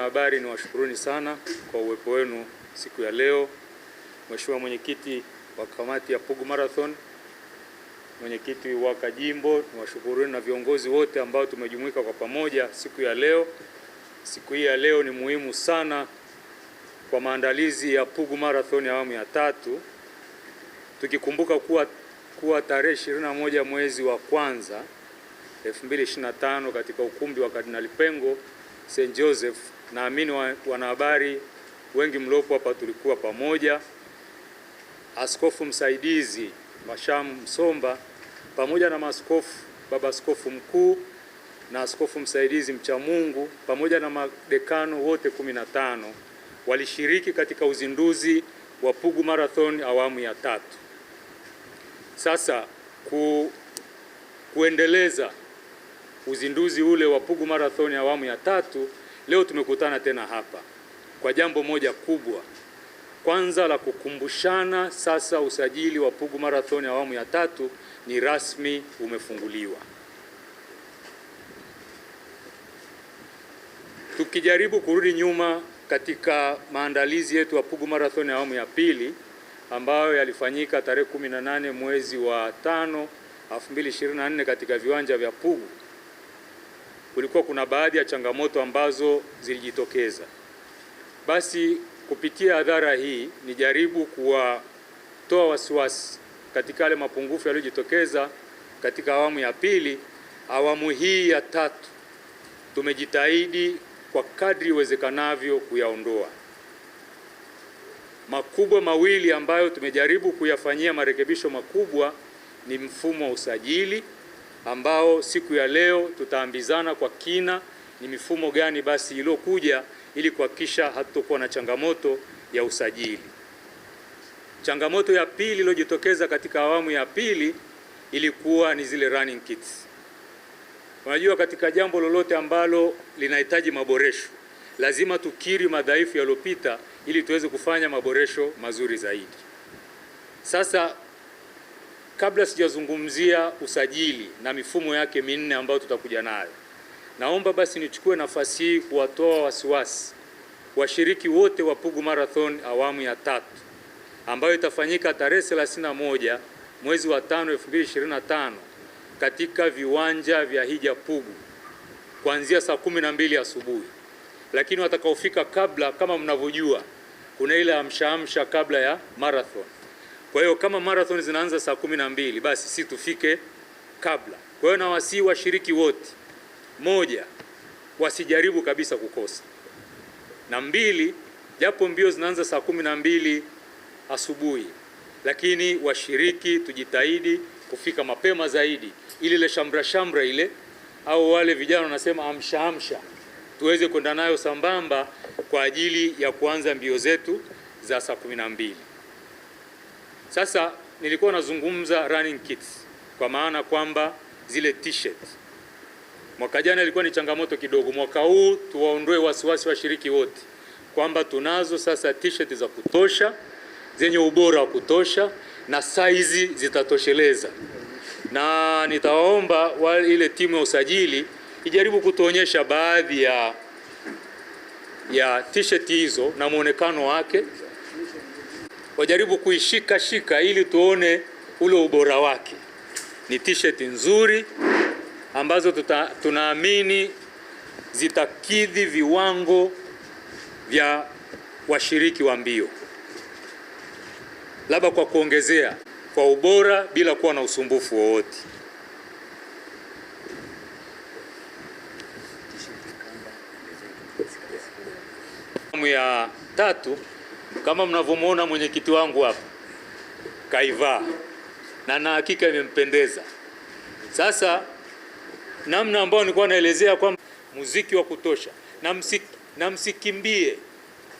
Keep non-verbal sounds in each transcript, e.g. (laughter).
wanahabari, washukuruni sana kwa uwepo wenu siku ya leo, Mheshimiwa mwenyekiti wa kamati ya Pugu Marathon, mwenyekiti wa Kajimbo, washukuruni na viongozi wote ambao tumejumuika kwa pamoja siku ya leo. Siku hii ya leo ni muhimu sana kwa maandalizi ya Pugu Marathon ya awamu ya tatu, tukikumbuka kuwa, kuwa tarehe 21 mwezi wa kwanza 2025 katika ukumbi wa Kardinali Pengo St Joseph Naamini wanahabari wengi mliopo hapa tulikuwa pamoja. Askofu msaidizi Masham Msomba pamoja na maskofu baba askofu mkuu na askofu msaidizi mcha Mungu pamoja na madekano wote kumi na tano walishiriki katika uzinduzi wa Pugu Marathon awamu ya tatu. Sasa ku, kuendeleza uzinduzi ule wa Pugu Marathon awamu ya tatu Leo tumekutana tena hapa kwa jambo moja kubwa, kwanza la kukumbushana sasa usajili wa Pugu Marathon awamu ya tatu ni rasmi umefunguliwa. Tukijaribu kurudi nyuma katika maandalizi yetu ya Pugu Marathon awamu ya pili ambayo yalifanyika tarehe 18 mwezi wa tano 2024 katika viwanja vya Pugu kulikuwa kuna baadhi ya changamoto ambazo zilijitokeza. Basi kupitia hadhara hii nijaribu kuwatoa wasiwasi katika yale mapungufu yaliyojitokeza katika awamu ya pili. Awamu hii ya tatu tumejitahidi kwa kadri iwezekanavyo kuyaondoa. Makubwa mawili ambayo tumejaribu kuyafanyia marekebisho makubwa ni mfumo wa usajili ambao siku ya leo tutaambizana kwa kina ni mifumo gani basi iliyokuja ili kuhakikisha hatutokuwa na changamoto ya usajili. Changamoto ya pili iliyojitokeza katika awamu ya pili ilikuwa ni zile running kits. Unajua, katika jambo lolote ambalo linahitaji maboresho lazima tukiri madhaifu yaliyopita ili tuweze kufanya maboresho mazuri zaidi. Sasa Kabla sijazungumzia usajili na mifumo yake minne ambayo tutakuja nayo, naomba basi nichukue nafasi hii kuwatoa wasiwasi washiriki wote wa Pugu Marathon awamu ya tatu ambayo itafanyika tarehe 31 mwezi wa 5 2025 katika viwanja vya Hija Pugu kuanzia saa kumi mbili asubuhi. Lakini watakaofika kabla, kama mnavyojua, kuna ile amshaamsha kabla ya marathon kwa hiyo kama marathon zinaanza saa kumi na mbili basi si tufike kabla. Kwa hiyo nawasihi washiriki wote, moja, wasijaribu kabisa kukosa, na mbili, japo mbio zinaanza saa kumi na mbili asubuhi, lakini washiriki tujitahidi kufika mapema zaidi, ili ile shamra shamra ile au wale vijana wanasema amsha amsha tuweze kwenda nayo sambamba kwa ajili ya kuanza mbio zetu za saa kumi na mbili. Sasa nilikuwa nazungumza running kits, kwa maana kwamba zile t-shirt mwaka jana ilikuwa ni changamoto kidogo. Mwaka huu tuwaondoe wasiwasi washiriki wote kwamba tunazo sasa t-shirt za kutosha zenye ubora wa kutosha na saizi zitatosheleza, na nitawaomba wale ile timu ya usajili ijaribu kutuonyesha baadhi ya ya t-shirt hizo na mwonekano wake wajaribu kuishika shika ili tuone ule ubora wake. Ni t-shirt nzuri ambazo tuta, tunaamini zitakidhi viwango vya washiriki wa mbio. Labda kwa kuongezea, kwa ubora bila kuwa na usumbufu wowote. ya tatu kama mnavyomwona mwenyekiti wangu hapa kaivaa, na na hakika imempendeza. Sasa namna ambayo nilikuwa naelezea kwamba muziki wa kutosha na, msiki, na msikimbie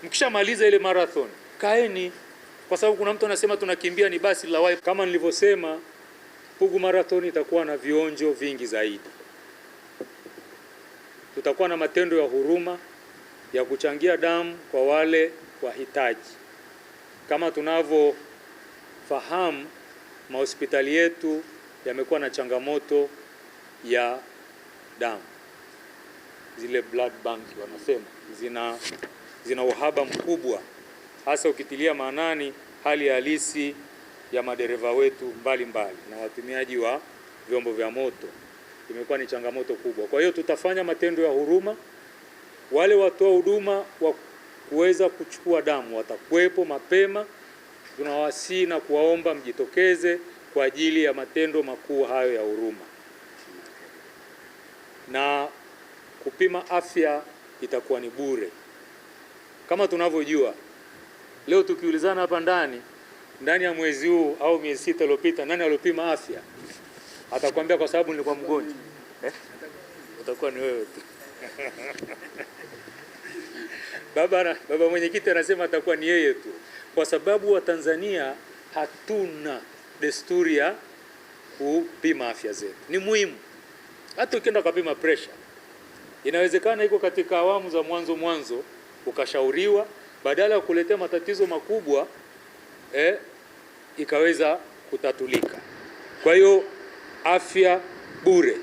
mkishamaliza ile marathon kaeni, kwa sababu kuna mtu anasema tunakimbia ni basi la wapi. Kama nilivyosema, Pugu Marathon itakuwa na vionjo vingi zaidi. Tutakuwa na matendo ya huruma ya kuchangia damu kwa wale wahitaji. Kama tunavyofahamu, mahospitali yetu yamekuwa na changamoto ya damu, zile blood bank wanasema zina, zina uhaba mkubwa, hasa ukitilia maanani hali halisi ya madereva wetu mbalimbali mbali, na watumiaji wa vyombo vya moto imekuwa ni changamoto kubwa. Kwa hiyo tutafanya matendo ya huruma, wale watoa huduma wa kuweza kuchukua damu watakuwepo mapema. Tunawasihi na kuwaomba mjitokeze kwa ajili ya matendo makuu hayo ya huruma. Na kupima afya itakuwa ni bure kama tunavyojua leo, tukiulizana hapa ndani ndani ya mwezi huu au miezi sita iliyopita, nani aliopima afya? Atakwambia kwa sababu nilikuwa mgonjwa eh? Utakuwa ni wewe tu (laughs) baba, baba mwenyekiti anasema atakuwa ni yeye tu, kwa sababu Watanzania hatuna desturi ya kupima afya zetu. Ni muhimu hata ukienda ukapima pressure, inawezekana iko katika awamu za mwanzo mwanzo, ukashauriwa badala ya kuletea matatizo makubwa eh, ikaweza kutatulika. Kwa hiyo afya bure,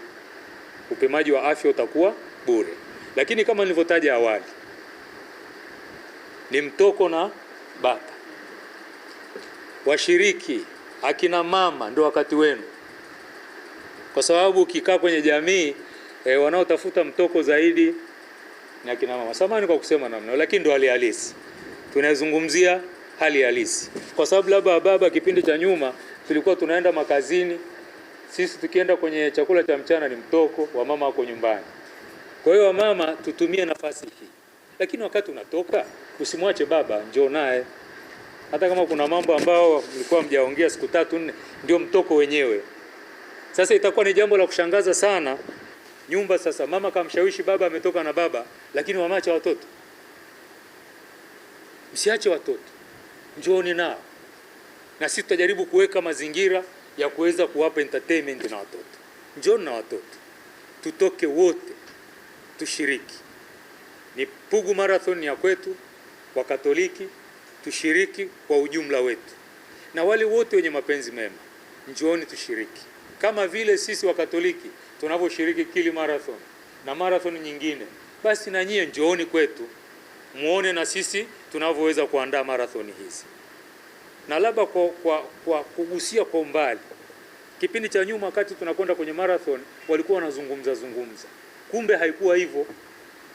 upimaji wa afya utakuwa bure, lakini kama nilivyotaja awali ni mtoko na bata. Washiriki akina mama, ndio wakati wenu, kwa sababu ukikaa kwenye jamii e, wanaotafuta mtoko zaidi ni akina mama. Samahani kwa kusema namna, lakini ndio hali halisi tunazungumzia, hali halisi, kwa sababu labda baba, kipindi cha nyuma tulikuwa tunaenda makazini sisi tukienda kwenye chakula cha mchana ni mtoko, wamama wako nyumbani. Kwa hiyo wamama, tutumie nafasi hii lakini wakati unatoka usimwache baba, njoo naye hata kama kuna mambo ambayo mlikuwa mjaongea siku tatu nne, ndio mtoko wenyewe. Sasa itakuwa ni jambo la kushangaza sana nyumba. Sasa mama kamshawishi baba, ametoka na baba, lakini wamacha watoto. Msiache watoto, njooni nao, na sisi tutajaribu kuweka mazingira ya kuweza kuwapa entertainment na watoto. Njooni na watoto, tutoke wote, tushiriki ni Pugu Marathon ya kwetu wa Katoliki, tushiriki kwa ujumla wetu, na wale wote wenye mapenzi mema njooni tushiriki, kama vile sisi wa Katoliki tunavyoshiriki Kili Marathon na marathon nyingine, basi na nyie njooni kwetu muone na sisi tunavyoweza kuandaa marathoni hizi. Na labda kwa, kwa, kwa kugusia kwa umbali, kipindi cha nyuma wakati tunakwenda kwenye marathon walikuwa wanazungumza zungumza, kumbe haikuwa hivyo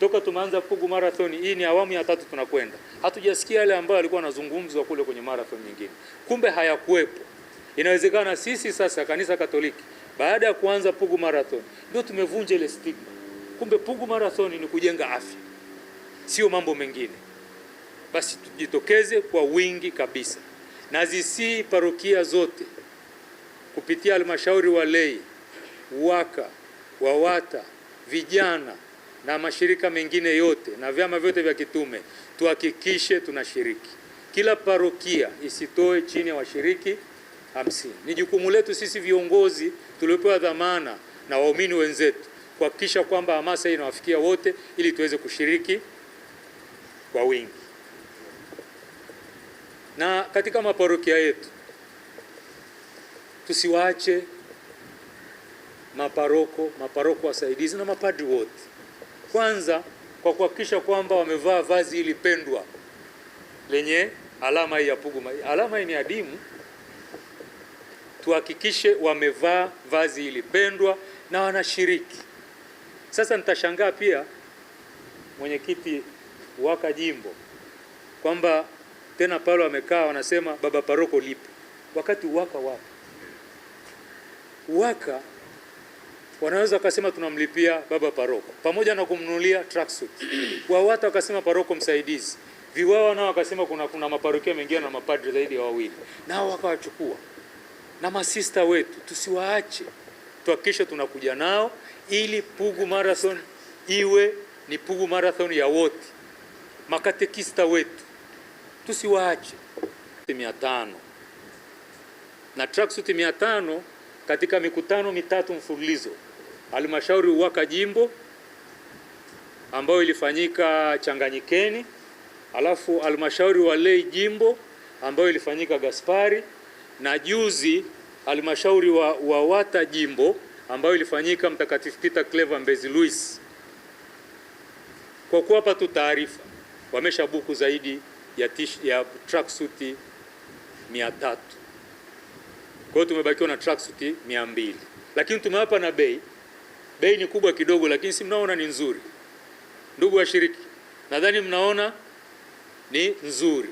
toka tumeanza Pugu marathon hii ni awamu ya tatu tunakwenda, hatujasikia yale ambayo alikuwa anazungumzwa kule kwenye marathon nyingine, kumbe hayakuwepo. Inawezekana sisi sasa kanisa Katoliki baada ya kuanza Pugu marathon ndio tumevunja ile stigma, kumbe Pugu marathon ni kujenga afya, sio mambo mengine. Basi tujitokeze kwa wingi kabisa, na zisii parokia zote kupitia halmashauri walei, waka, wawata, vijana na mashirika mengine yote na vyama vyote vya kitume tuhakikishe tunashiriki. Kila parokia isitoe chini ya washiriki hamsini. Ni jukumu letu sisi viongozi tuliopewa dhamana na waumini wenzetu kuhakikisha kwamba hamasa hii inawafikia wote ili tuweze kushiriki kwa wingi. Na katika maparokia yetu tusiwaache maparoko, maparoko wasaidizi na mapadri wote kwanza kwa kuhakikisha kwamba wamevaa vazi ili pendwa lenye alama hii ya puguma. Alama hii ni adimu, tuhakikishe wamevaa vazi ili pendwa na wanashiriki. Sasa nitashangaa pia mwenyekiti waka jimbo kwamba tena pale wamekaa wanasema baba paroko lipo, wakati uwaka wapi? uwaka wanaweza wakasema tunamlipia baba paroko pamoja na kumnunulia tracksuit. WAWATA wakasema paroko msaidizi. VIWAWA nao wakasema kuna, kuna maparokia mengine na mapadri zaidi ya wawili, nao wakawachukua na masista wetu, tusiwaache, tuhakikishe tunakuja nao ili Pugu Marathon iwe ni Pugu Marathon ya wote. Makatekista wetu tusiwaache. mia tano na tracksuit mia tano katika mikutano mitatu mfululizo halmashauri uwaka jimbo ambayo ilifanyika Changanyikeni, alafu halmashauri walei jimbo ambayo ilifanyika Gaspari, na juzi halmashauri wa Wawata jimbo ambayo ilifanyika Mtakatifu Peter Clever Mbezi Luis. Kwa kuwapa tu taarifa, wamesha buku zaidi ya, tish, ya tracksuit 300. Kwa hiyo tumebakiwa na tracksuit 200, lakini tumewapa na bei Bei ni kubwa kidogo, lakini si mnaona ni nzuri, ndugu washiriki? Nadhani mnaona ni nzuri.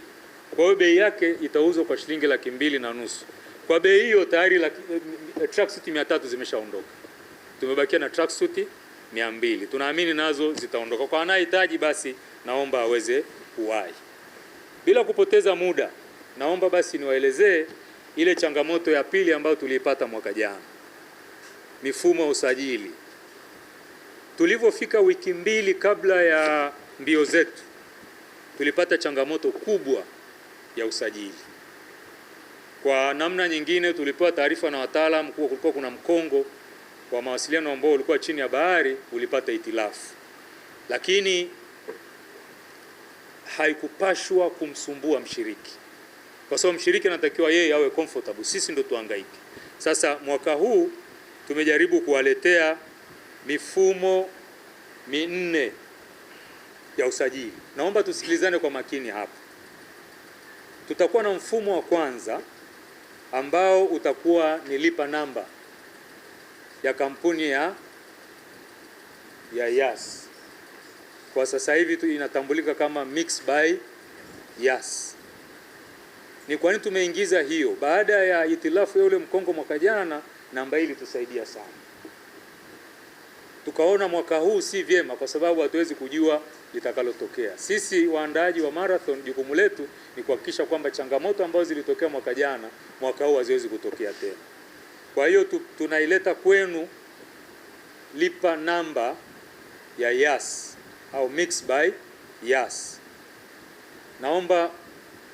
Kwa hiyo bei yake itauzwa kwa shilingi laki mbili na nusu. Kwa bei hiyo tayari eh, tracksuit mia tatu zimeshaondoka, tumebakia na tracksuit mia mbili tunaamini nazo zitaondoka. Kwa anayehitaji basi, naomba aweze kuwahi. Bila kupoteza muda, naomba basi niwaelezee ile changamoto ya pili ambayo tuliipata mwaka jana, mifumo ya usajili. Tulivyofika wiki mbili kabla ya mbio zetu, tulipata changamoto kubwa ya usajili. Kwa namna nyingine, tulipewa taarifa na wataalamu kuwa kulikuwa kuna mkongo wa mawasiliano ambao ulikuwa chini ya bahari ulipata itilafu, lakini haikupashwa kumsumbua mshiriki, kwa sababu mshiriki anatakiwa yeye awe comfortable, sisi ndo tuhangaike. Sasa mwaka huu tumejaribu kuwaletea mifumo minne ya usajili. Naomba tusikilizane kwa makini hapa. Tutakuwa na mfumo wa kwanza ambao utakuwa ni lipa namba ya kampuni ya ya Yas. Kwa sasa hivi inatambulika kama Mix by Yas. Ni kwa nini tumeingiza hiyo? Baada ya itilafu ya ule mkongo mwaka jana, namba hii ilitusaidia sana tukaona mwaka huu si vyema, kwa sababu hatuwezi kujua litakalotokea. Sisi waandaaji wa marathon, jukumu letu ni kuhakikisha kwamba changamoto ambazo zilitokea mwaka jana, mwaka huu haziwezi kutokea tena. Kwa hiyo tu, tunaileta kwenu lipa namba ya YAS au mix by YAS. Naomba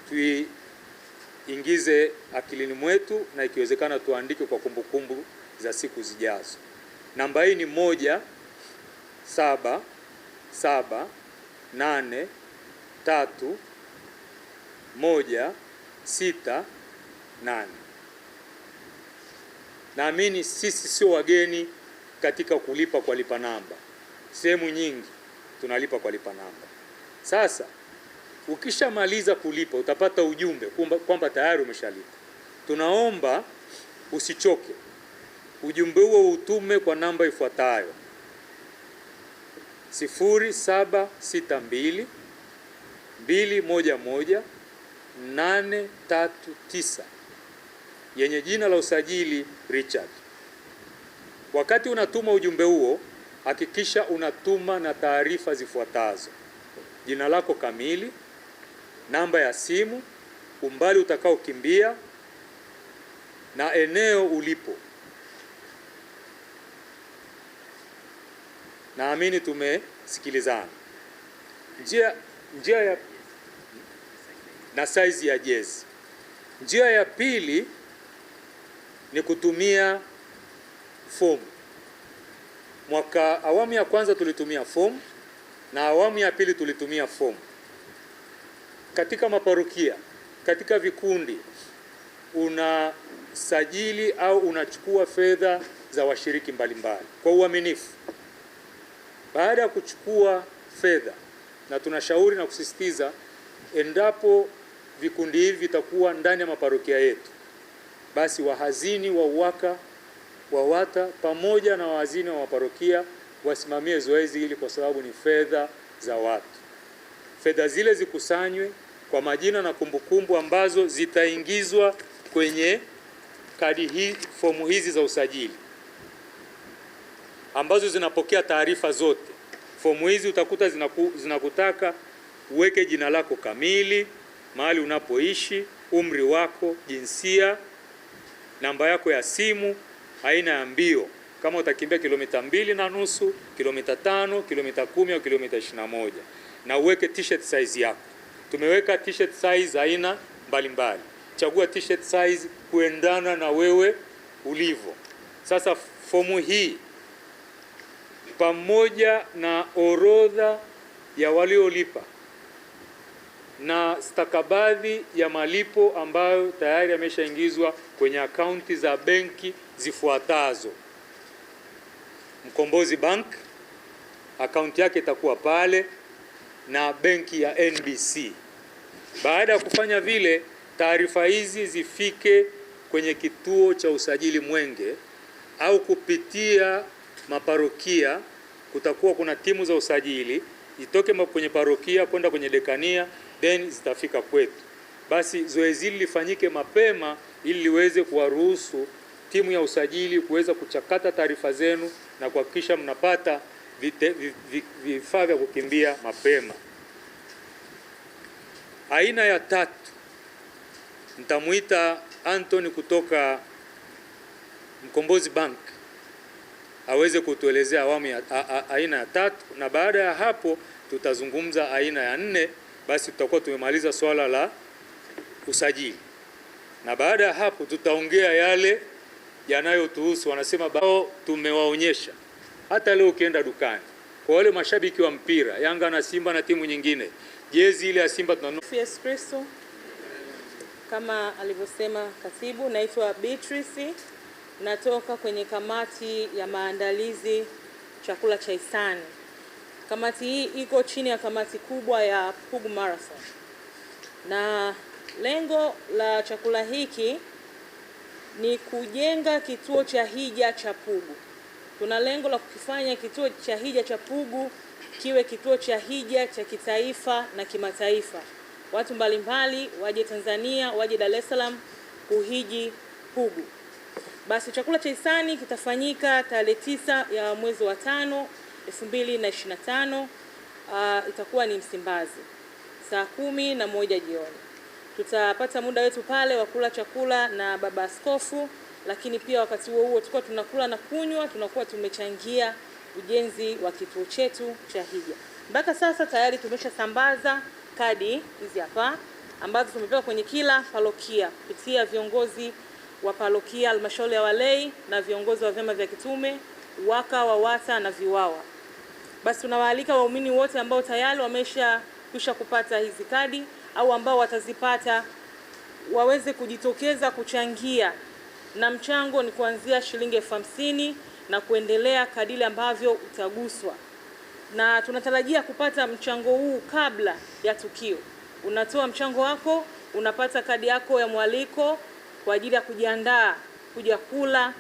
tuiingize akilini mwetu na ikiwezekana tuandike kwa kumbukumbu za siku zijazo. Namba hii ni moja saba saba nane tatu moja sita nane. Naamini sisi sio wageni katika kulipa kwa lipa namba, sehemu nyingi tunalipa kwa lipa namba. Sasa ukishamaliza kulipa utapata ujumbe kwamba tayari umeshalipa. Tunaomba usichoke. Ujumbe huo utume kwa namba ifuatayo 0762 211 yenye jina la usajili Richard. Wakati unatuma ujumbe huo, hakikisha unatuma na taarifa zifuatazo: jina lako kamili, namba ya simu, umbali utakaokimbia na eneo ulipo. Naamini tumesikilizana. Njia, njia ya na size ya jezi. Njia ya pili ni kutumia fomu. Mwaka awamu ya kwanza tulitumia fomu na awamu ya pili tulitumia fomu katika maparukia, katika vikundi unasajili au unachukua fedha za washiriki mbalimbali mbali, kwa uaminifu. Baada ya kuchukua fedha, na tunashauri na kusisitiza, endapo vikundi hivi vitakuwa ndani ya maparokia yetu, basi wahazini wa UWAKA, wata pamoja na wahazini wa maparokia wasimamie zoezi hili, kwa sababu ni fedha za watu. Fedha zile zikusanywe kwa majina na kumbukumbu ambazo zitaingizwa kwenye kadi hii, fomu hizi za usajili ambazo zinapokea taarifa zote. Fomu hizi utakuta zinaku, zinakutaka uweke jina lako kamili, mahali unapoishi, umri wako, jinsia, namba yako ya simu, aina ya mbio, kama utakimbia kilomita mbili na nusu, kilomita tano, kilomita kumi au kilomita ishirini na moja, na uweke t-shirt size yako. Tumeweka t-shirt size aina mbalimbali. Chagua t-shirt size kuendana na wewe ulivyo. Sasa fomu hii pamoja na orodha ya waliolipa na stakabadhi ya malipo ambayo tayari yameshaingizwa kwenye akaunti za benki zifuatazo: Mkombozi Bank akaunti yake itakuwa pale na benki ya NBC. Baada ya kufanya vile, taarifa hizi zifike kwenye kituo cha usajili Mwenge au kupitia maparokia, kutakuwa kuna timu za usajili itoke kwenye parokia kwenda kwenye dekania, then zitafika kwetu. Basi zoezi hili lifanyike mapema ili liweze kuwaruhusu timu ya usajili kuweza kuchakata taarifa zenu na kuhakikisha mnapata vifaa vya kukimbia mapema. Aina ya tatu nitamuita Anthony kutoka Mkombozi Bank aweze kutuelezea awamu ya aina ya tatu, na baada ya hapo tutazungumza aina ya nne. Basi tutakuwa tumemaliza swala la usajili, na baada ya hapo tutaongea yale yanayotuhusu. Wanasema bao tumewaonyesha. Hata leo ukienda dukani kwa wale mashabiki wa mpira Yanga na Simba na timu nyingine, jezi ile ya Simba tunanunua. Kristo, kama alivyosema katibu, naitwa Beatrice natoka kwenye kamati ya maandalizi chakula cha hisani. Kamati hii iko chini ya kamati kubwa ya Pugu Marathon, na lengo la chakula hiki ni kujenga kituo cha hija cha Pugu. Tuna lengo la kukifanya kituo cha hija cha Pugu kiwe kituo cha hija cha kitaifa na kimataifa. Watu mbalimbali waje Tanzania, waje Dar es Salaam kuhiji Pugu. Basi chakula cha hisani kitafanyika tarehe tisa ya mwezi wa tano tano Uh, itakuwa ni Msimbazi saa kumi na moja jioni. Tutapata muda wetu pale wa kula chakula na baba askofu, lakini pia wakati huo huo tutakuwa tunakula na kunywa, tunakuwa tumechangia ujenzi wa kituo chetu cha hija. Mpaka sasa tayari tumeshasambaza kadi hizi hapa ambazo tumepewa kwenye kila parokia kupitia viongozi wa parokia, halmashauri ya walei na viongozi wa vyama vya kitume, waka, wawata na viwawa. Basi tunawaalika waumini wote ambao tayari wameshakwisha kupata hizi kadi au ambao watazipata waweze kujitokeza kuchangia, na mchango ni kuanzia shilingi elfu hamsini na kuendelea kadiri ambavyo utaguswa, na tunatarajia kupata mchango huu kabla ya tukio. Unatoa mchango wako, unapata kadi yako ya mwaliko kwa ajili ya kujiandaa kuja kula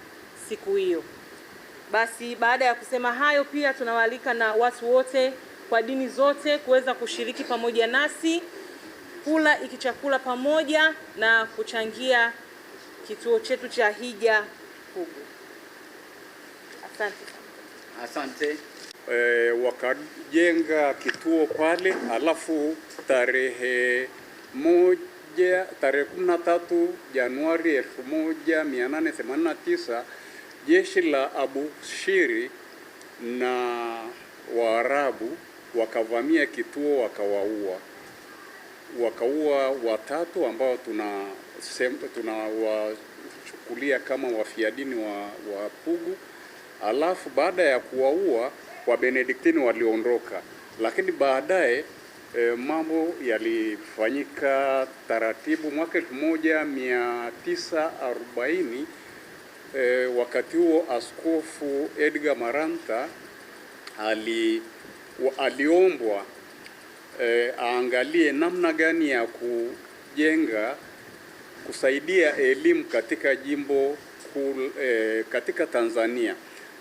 siku hiyo. Basi baada ya kusema hayo, pia tunawaalika na watu wote kwa dini zote kuweza kushiriki pamoja nasi kula iki chakula pamoja na kuchangia kituo chetu cha hija kubwa. Asante. Asante. E, wakajenga kituo pale alafu tarehe moja moja tarehe kumi na tatu Januari 1889 jeshi la Abushiri na Waarabu wakavamia kituo wakawaua, wakaua watatu ambao tuna tunawachukulia kama wafiadini wa, wa Pugu. Alafu baada ya kuwaua Wabenediktini waliondoka, lakini baadaye e, mambo yalifanyika taratibu mwaka 1940 e, wakati huo Askofu Edgar Maranta ali, aliombwa e, aangalie namna gani ya kujenga kusaidia elimu katika jimbo kul, e, katika Tanzania.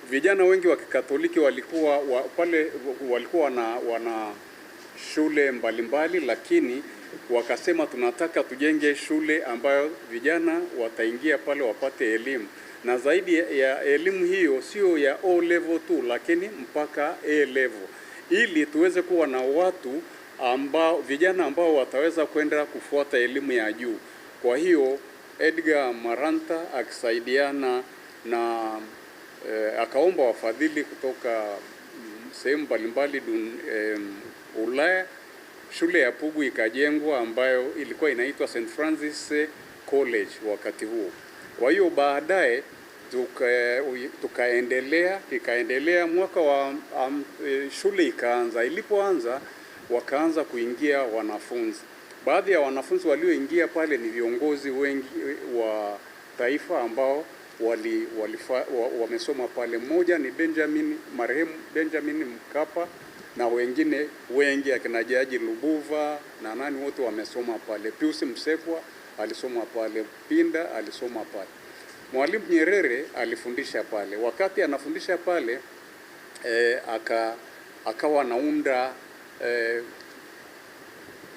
Vijana wengi wa Kikatoliki walikuwa wa, pale walikuwa wana, wana shule mbalimbali mbali, lakini wakasema tunataka tujenge shule ambayo vijana wataingia pale wapate elimu na zaidi ya elimu hiyo sio ya O level tu, lakini mpaka A level, ili tuweze kuwa na watu ambao vijana ambao wataweza kwenda kufuata elimu ya juu. Kwa hiyo Edgar Maranta akisaidiana na eh, akaomba wafadhili kutoka sehemu mbalimbali eh, Ulaya, shule ya Pugu ikajengwa ambayo ilikuwa inaitwa St Francis College wakati huo. Kwa hiyo baadaye tuka, tukaendelea ikaendelea mwaka wa um, shule ikaanza. Ilipoanza wakaanza kuingia wanafunzi. Baadhi ya wanafunzi walioingia pale ni viongozi wengi e, wa taifa ambao wali, walifa, wa, wamesoma pale. Mmoja ni Benjamin, marehemu Benjamin Mkapa na wengine wengi akina Jaji Lubuva na nani wote wamesoma pale. Pius Msekwa alisoma pale, Pinda alisoma pale. Mwalimu Nyerere alifundisha pale. Wakati anafundisha pale e, aka akawa anaunda e,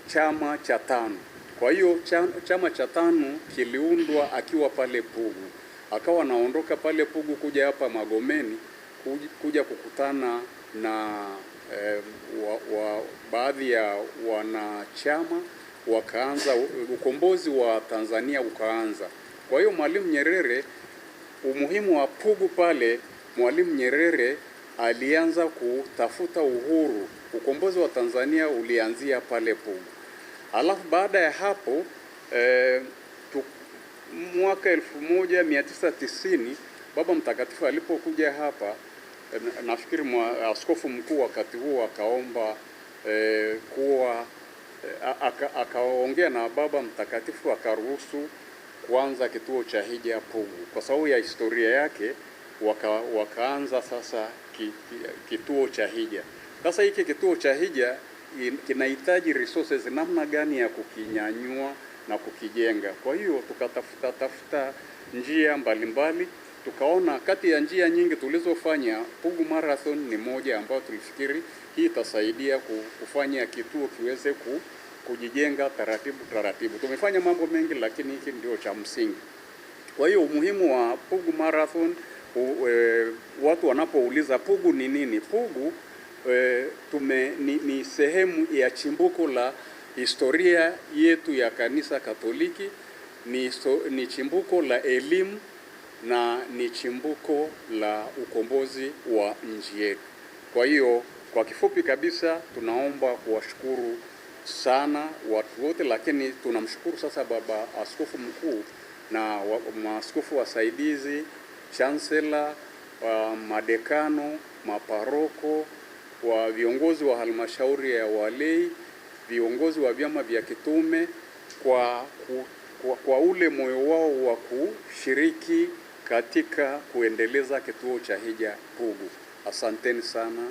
chama cha tano. Kwa hiyo chama cha tano kiliundwa akiwa pale Pugu, akawa anaondoka pale Pugu kuja hapa Magomeni kuja kukutana na eh, wa, wa, baadhi ya wanachama wakaanza ukombozi wa Tanzania ukaanza. Kwa hiyo Mwalimu Nyerere, umuhimu wa Pugu pale, Mwalimu Nyerere alianza kutafuta uhuru. Ukombozi wa Tanzania ulianzia pale Pugu. Alafu baada ya hapo eh, tu, mwaka 1990 Baba Mtakatifu alipokuja hapa Eh, nafikiri mwa, askofu mkuu wakati huo akaomba e, kuwa eh, akaongea aka na Baba Mtakatifu akaruhusu kuanza kituo cha hija Pugu kwa sababu ya historia yake, waka, wakaanza sasa ki, kituo cha hija. Sasa hiki kituo cha hija kinahitaji resources namna gani ya kukinyanyua na kukijenga. Kwa hiyo tukatafuta tafuta njia mbalimbali mbali, tukaona kati ya njia nyingi tulizofanya, Pugu Marathon ni moja ambayo tulifikiri hii itasaidia kufanya kituo kiweze ku, kujijenga taratibu taratibu. Tumefanya mambo mengi, lakini hiki ndio cha msingi. Kwa hiyo umuhimu wa Pugu Marathon u, e, watu wanapouliza Pugu ni nini, Pugu e, tume, ni, ni sehemu ya chimbuko la historia yetu ya kanisa Katoliki, ni, so, ni chimbuko la elimu na ni chimbuko la ukombozi wa nchi yetu. Kwa hiyo kwa kifupi kabisa, tunaomba kuwashukuru sana watu wote, lakini tunamshukuru sasa Baba Askofu Mkuu na maaskofu wasaidizi, chansela, wa madekano, maparoko, wa viongozi wa halmashauri ya walei, viongozi wa vyama vya kitume kwa, kwa, kwa ule moyo wao wa kushiriki katika kuendeleza kituo cha hija Pugu. Asanteni sana.